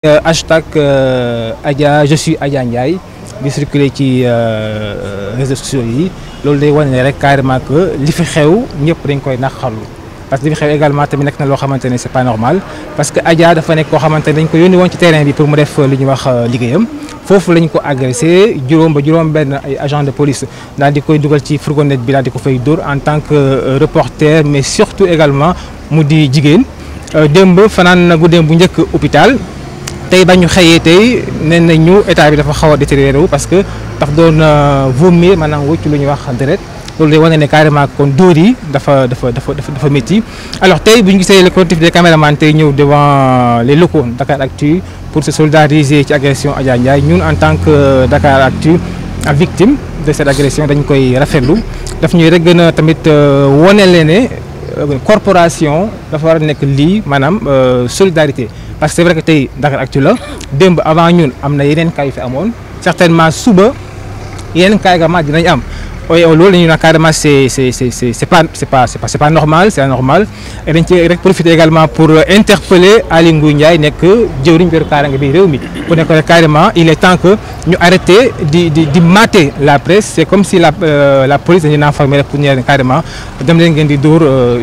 Euh, hashtag euh, Adja je suis Adja Ndiaye di circuler ci euh, euh, réseaux sociaux yi loolu day wane ne rek carrément que li fi xew ñëpp dañ koy naqarlu parce que li fi xew également tamit nekk na loo xamante c'est pas normal parce que Adja dafa nekk koo xamante ne dañ ko yónni woon ci terrain bi pour mu def li ñuy wax euh, liggéeyam foofu lañ ko agressé juróom ba juróom benn agent de police daal di koy dugal ci fourgonnette bi daal di ko fay dóor en tant que reporter mais surtout également mu di jigéen démb fanaan na guddeem bu njëkk hôpital tay bañu xeyé tay tey nee ñu état bi dafa xawa détérioré wu parce que daf doon euh, vomir manam wëcc lu ñuy wax deret loolu day wane né carrément kon dóor yi dafa dafa dafa dafa metti alors tay buñu gisé le collectif des cameraman tay ñëw devant euh, les locaux Actu pour se solidariser ci agression Adja Ndiaye ñun en tant que euh, Dakaractu ak victime de cette agression dañ koy rafetlu daf ñuy rek gën tamit wane leen corporation dafa war nek li manam solidarité parce que c'est vrai que tey Dakaractu la démb avant ñun amna na yeneen cas fi amone certainement suba yeneen cas également dinañ am ooy oh, loolu la ñu naan carrément c'est c'est c'est c'est pas c'est pas c'est pas normal c'est anormal et dañ ci rek profiter également pour euh, interpeller Ali Ngouille Ndiaye nekk jëwriñ weeru kaaraange bi réew pour bu rek carrément il est temps que ñu arrêter di di di mater la presse c'est comme si la euh, la police dañu naan informé pour ñu carrément dem leen ngeen di dóor. Euh,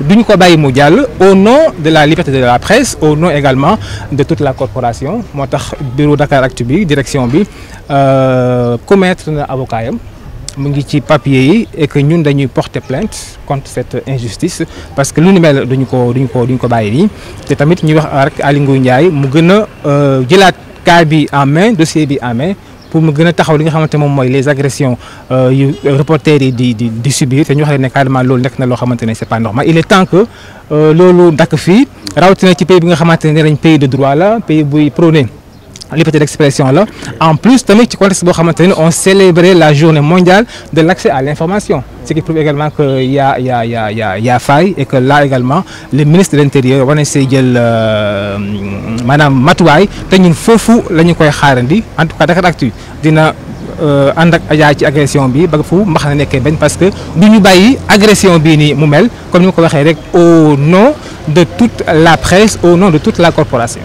duñu ko bàyyi au nom de la liberté de la presse au nom également de toute la corporation moo bureau bureau Dakaractu bi direction bi euh, commettre na avocat yam mu ngi ci papier et que ñun dañuy porter plainte contre cette injustice parce que nous ni mel de ko faire. ko duñu ko de nous te tamit ñuy wax rek Aly Ndiaye mu gën euh, main dossier en main pour me gën taxaw li nga xamanté mom moy les agressions euh, yu reporter yi di di di subir te ñu xalé leen carrément loolu nek na lo xamanté c'est pas normal il est temps que euh loolu dakk fii rawatina ci pays bi nga xamanté né dañ pays de droit la pays buy prôné liberté d'expression en plus on célébrait la journée mondiale de l'accès à l'information ce qui prouve également qu'il y a y a y a y a faille et que là également le ministre de l'intérieur Mme Mme Matouaï, fait une matuwaay te la en tout cas il dina euh, a une agression bi ba parce que nous, avons une agression comme nous au nom de toute la presse au nom de toute la corporation